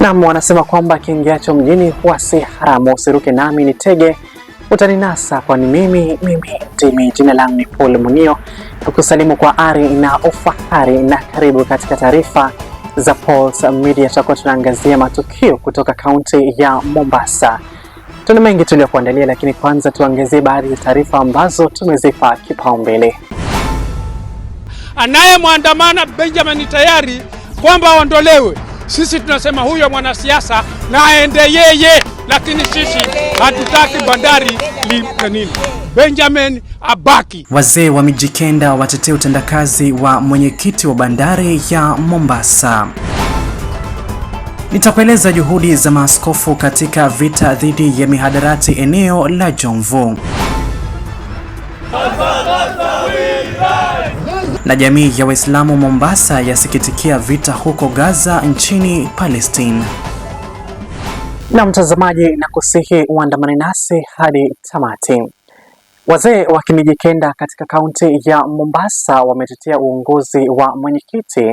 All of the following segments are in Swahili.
Nam wanasema kwamba kiingiacho mjini huwa si haramu. Usiruke nami nitege utaninasa, kwani mimi mimi ndimi. Jina langu ni Paul Munio, tukusalimu kwa ari na ufahari, na karibu katika taarifa za Pulse Media. Tutakuwa tunaangazia matukio kutoka kaunti ya Mombasa. Tuna mengi tuliyokuandalia, lakini kwanza tuangazie baadhi ya taarifa ambazo tumezipa kipaumbele. Anayemwandamana Benjamin tayari kwamba aondolewe sisi tunasema huyo mwanasiasa aende yeye, lakini sisi hatutaki bandari nini Benjamin abaki. Wazee wa Mijikenda watetee utendakazi wa mwenyekiti wa bandari ya Mombasa. Nitakueleza juhudi za maaskofu katika vita dhidi ya mihadarati eneo la Jomvu. Na jamii ya Waislamu Mombasa yasikitikia vita huko Gaza nchini Palestine. Na mtazamaji, na kusihi uandamane nasi hadi tamati. Wazee wa Kimijikenda katika kaunti ya Mombasa wametetea uongozi wa mwenyekiti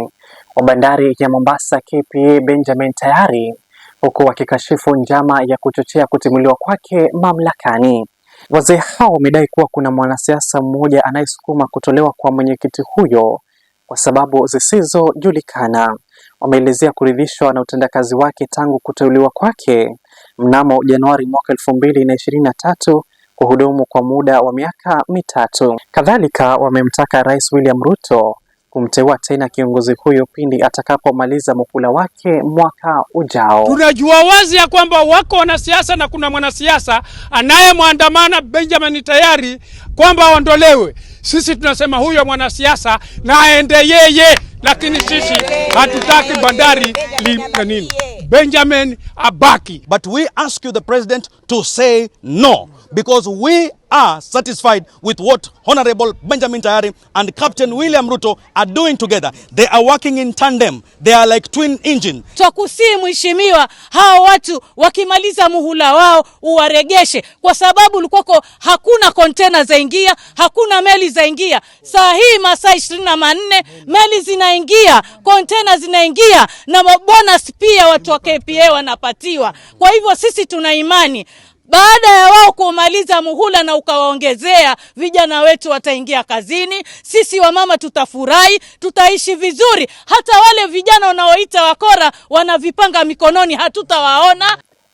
wa bandari ya Mombasa KPA Benjamin Tayari, huku wakikashifu njama ya kuchochea kutimuliwa kwake mamlakani. Wazee hao wamedai kuwa kuna mwanasiasa mmoja anayesukuma kutolewa kwa mwenyekiti huyo kwa sababu zisizojulikana. Wameelezea kuridhishwa na utendakazi wake tangu kuteuliwa kwake mnamo Januari mwaka elfu mbili na ishirini na tatu kuhudumu kwa muda wa miaka mitatu. Kadhalika, wamemtaka Rais William Ruto kumteua tena kiongozi huyo pindi atakapomaliza muhula wake mwaka ujao. Tunajua wazi ya kwamba wako wanasiasa na kuna mwanasiasa anayemwandamana Benjamin tayari kwamba aondolewe. Sisi tunasema huyo mwanasiasa na aende yeye, lakini sisi hatutaki bandari li nini Benjamin abaki. But we ask you the president to say no because we are satisfied with what Honorable Benjamin Tayari and Captain William Ruto are doing together. They are working in tandem. They are like twin engine. Twakusii mwheshimiwa hao watu wakimaliza muhula wao uwaregeshe, kwa sababu likoko hakuna kontena zaingia, hakuna meli zaingia. Saa hii masaa ishirini na manne meli zinaingia, kontena zinaingia, na bonus pia watu wa KPA wanapatiwa. Kwa hivyo sisi tuna imani baada ya wao kumaliza muhula na ukawaongezea, vijana wetu wataingia kazini, sisi wamama tutafurahi, tutaishi vizuri. Hata wale vijana wanaoita wakora wanavipanga mikononi, hatutawaona.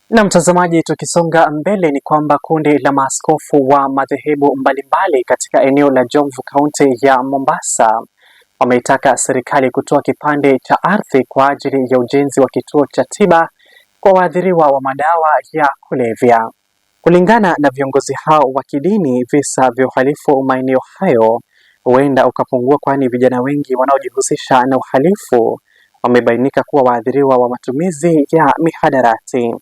Na mtazamaji, tukisonga mbele ni kwamba kundi la maaskofu wa madhehebu mbalimbali katika eneo la Jomvu, kaunti ya Mombasa, wameitaka serikali kutoa kipande cha ardhi kwa ajili ya ujenzi wa kituo cha tiba kwa waathiriwa wa madawa ya kulevya. Kulingana na viongozi hao wa kidini, visa vya uhalifu maeneo hayo huenda ukapungua, kwani vijana wengi wanaojihusisha na uhalifu wamebainika kuwa waathiriwa wa matumizi ya mihadarati.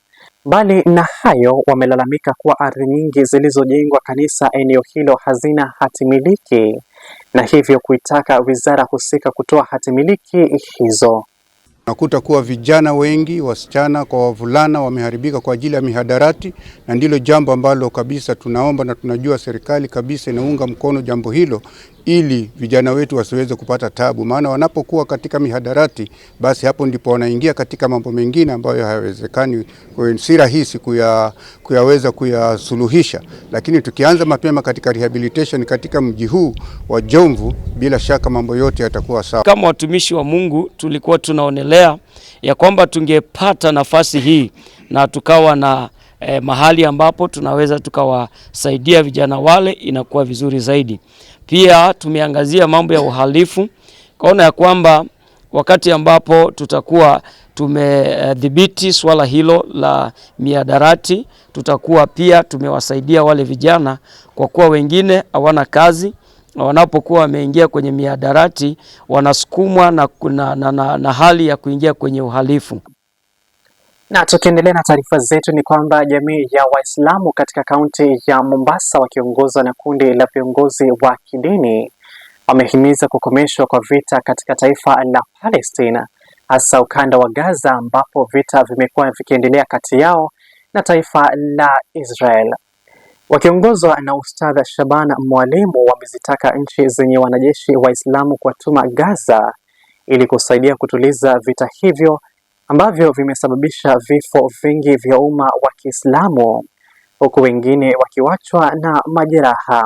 Mbali na hayo, wamelalamika kuwa ardhi nyingi zilizojengwa kanisa eneo hilo hazina hatimiliki na hivyo kuitaka wizara husika kutoa hatimiliki hizo. Nakuta kuwa vijana wengi, wasichana kwa wavulana, wameharibika kwa ajili ya mihadarati, na ndilo jambo ambalo kabisa tunaomba na tunajua serikali kabisa inaunga mkono jambo hilo ili vijana wetu wasiweze kupata tabu, maana wanapokuwa katika mihadarati, basi hapo ndipo wanaingia katika mambo mengine ambayo hayawezekani, si rahisi kuya, kuyaweza kuyasuluhisha. Lakini tukianza mapema katika rehabilitation katika mji huu wa Jomvu, bila shaka mambo yote yatakuwa sawa. Kama watumishi wa Mungu tulikuwa tunaonelea ya kwamba tungepata nafasi hii na tukawa na eh, mahali ambapo tunaweza tukawasaidia vijana wale, inakuwa vizuri zaidi. Pia tumeangazia mambo ya uhalifu kaona ya kwamba wakati ambapo tutakuwa tumedhibiti uh, swala hilo la miadarati, tutakuwa pia tumewasaidia wale vijana, kwa kuwa wengine hawana kazi na wanapokuwa wameingia kwenye miadarati wanasukumwa na, na, na, na, na hali ya kuingia kwenye uhalifu. Na tukiendelea na taarifa zetu ni kwamba jamii ya Waislamu katika kaunti ya Mombasa wakiongozwa na kundi la viongozi wa kidini wamehimiza kukomeshwa kwa vita katika taifa la Palestina hasa ukanda wa Gaza ambapo vita vimekuwa vikiendelea kati yao na taifa la Israel. Wakiongozwa na Ustadha Shaban Mwalimu wamezitaka nchi zenye wanajeshi Waislamu kuwatuma Gaza ili kusaidia kutuliza vita hivyo ambavyo vimesababisha vifo vingi vya umma wa Kiislamu huku wengine wakiwachwa na majeraha.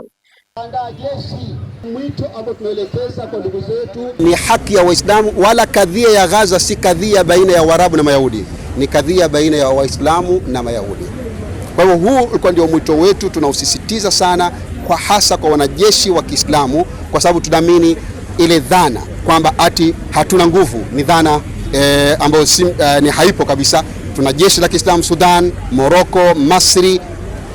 ni haki ya Waislamu, wala kadhia ya Gaza si kadhia baina ya Waarabu na Mayahudi, ni kadhia baina ya Waislamu na Mayahudi. Kwa hivyo huu ulikuwa ndio mwito wetu, tunausisitiza sana kwa hasa kwa wanajeshi wa Kiislamu, kwa sababu tunaamini ile dhana kwamba ati hatuna nguvu ni dhana eh, ambayo si, eh, ni haipo kabisa. Tuna jeshi la Kiislamu Sudan, Morocco, Masri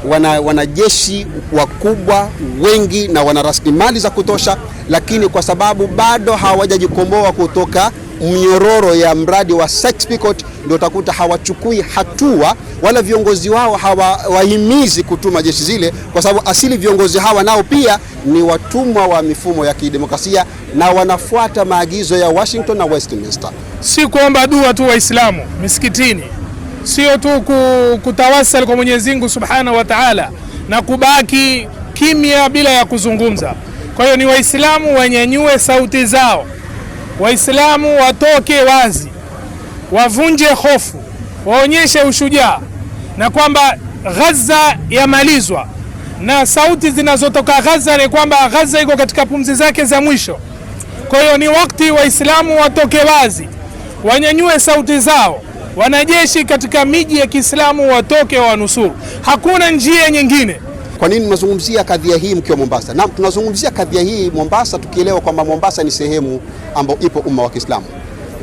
wana wanajeshi wakubwa wengi na wana rasilimali za kutosha, lakini kwa sababu bado hawajajikomboa kutoka mnyororo ya mradi wa Sykes-Picot ndio utakuta hawachukui hatua wala viongozi wao hawawahimizi kutuma jeshi zile, kwa sababu asili viongozi hawa nao pia ni watumwa wa mifumo ya kidemokrasia na wanafuata maagizo ya Washington na Westminster. Si kuomba dua tu Waislamu misikitini, sio tu kutawasal kwa Mwenyezi Mungu Subhanahu wa Ta'ala na kubaki kimya bila ya kuzungumza. Kwa hiyo ni Waislamu wanyanyue sauti zao, Waislamu watoke wazi wavunje hofu, waonyeshe ushujaa na kwamba Gaza yamalizwa, na sauti zinazotoka Gaza ni kwamba Gaza iko katika pumzi zake za mwisho. Kwa hiyo ni wakati Waislamu watoke wazi, wanyanyue sauti zao, wanajeshi katika miji ya Kiislamu watoke wanusuru. Hakuna njia nyingine. Kwa nini tunazungumzia kadhia hii mkiwa Mombasa? Naam, tunazungumzia kadhia hii Mombasa tukielewa kwamba Mombasa ni sehemu ambayo ipo umma wa Kiislamu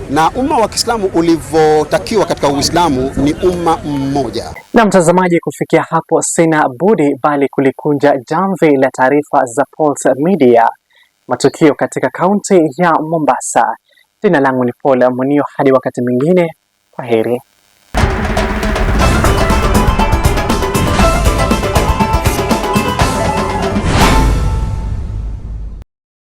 na umma wa Kiislamu ulivyotakiwa katika Uislamu ni umma mmoja. Na mtazamaji, kufikia hapo sina budi bali kulikunja jamvi la taarifa za Pulse Media, matukio katika kaunti ya Mombasa. Jina langu ni Paul Munio, hadi wakati mwingine, kwa heri.